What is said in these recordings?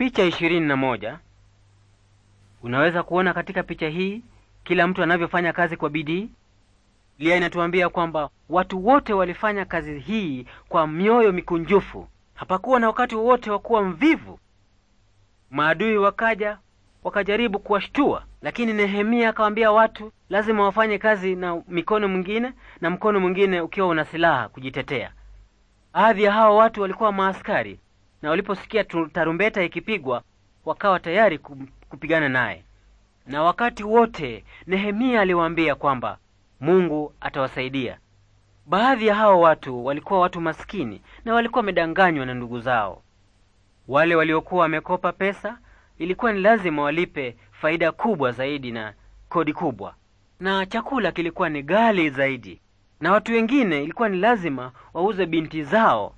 Picha ishirini na moja. Unaweza kuona katika picha hii kila mtu anavyofanya kazi kwa bidii. Lia inatuambia kwamba watu wote walifanya kazi hii kwa mioyo mikunjufu, hapakuwa na wakati wowote wa kuwa mvivu. Maadui wakaja wakajaribu kuwashtua, lakini Nehemia akawaambia watu lazima wafanye kazi na mikono mwingine na mkono mwingine ukiwa una silaha kujitetea. Baadhi ya hao watu walikuwa maaskari na waliposikia tarumbeta ikipigwa wakawa tayari kupigana naye. Na wakati wote Nehemia aliwaambia kwamba Mungu atawasaidia. Baadhi ya hao watu walikuwa watu maskini na walikuwa wamedanganywa na ndugu zao. Wale waliokuwa wamekopa pesa ilikuwa ni lazima walipe faida kubwa zaidi na kodi kubwa, na chakula kilikuwa ni ghali zaidi, na watu wengine ilikuwa ni lazima wauze binti zao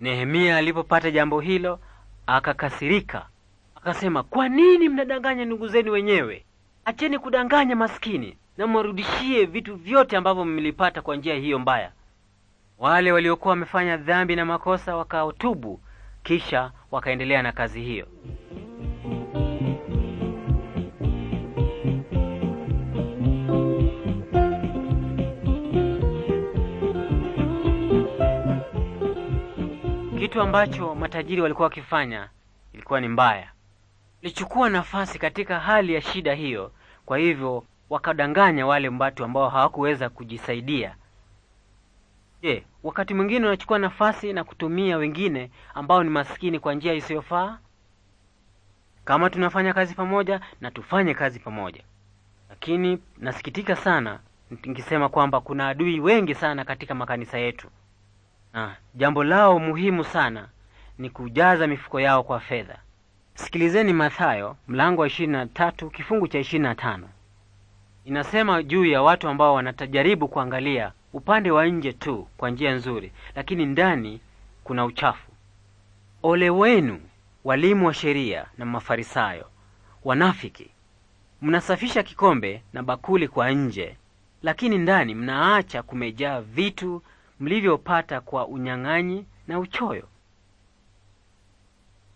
Nehemia alipopata jambo hilo akakasirika, akasema, kwa nini mnadanganya ndugu zenu wenyewe? Acheni kudanganya maskini na mwarudishie vitu vyote ambavyo mlipata kwa njia hiyo mbaya. Wale waliokuwa wamefanya dhambi na makosa wakaotubu, kisha wakaendelea na kazi hiyo. kitu ambacho matajiri walikuwa wakifanya ilikuwa ni mbaya. Lichukua nafasi katika hali ya shida hiyo, kwa hivyo wakadanganya wale watu ambao hawakuweza kujisaidia. Je, wakati mwingine unachukua nafasi na kutumia wengine ambao ni maskini kwa njia isiyofaa? Kama tunafanya kazi pamoja, na tufanye kazi pamoja, lakini nasikitika sana nikisema kwamba kuna adui wengi sana katika makanisa yetu na ah, jambo lao muhimu sana ni kujaza mifuko yao kwa fedha. Sikilizeni Mathayo mlango wa tatu kifungu cha tano Inasema juu ya watu ambao wanatajaribu kuangalia upande wa nje tu kwa njia nzuri, lakini ndani kuna uchafu. Ole wenu walimu wa sheria na Mafarisayo, wanafiki! Mnasafisha kikombe na bakuli kwa nje, lakini ndani mnaacha kumejaa vitu mlivyopata kwa unyang'anyi na uchoyo.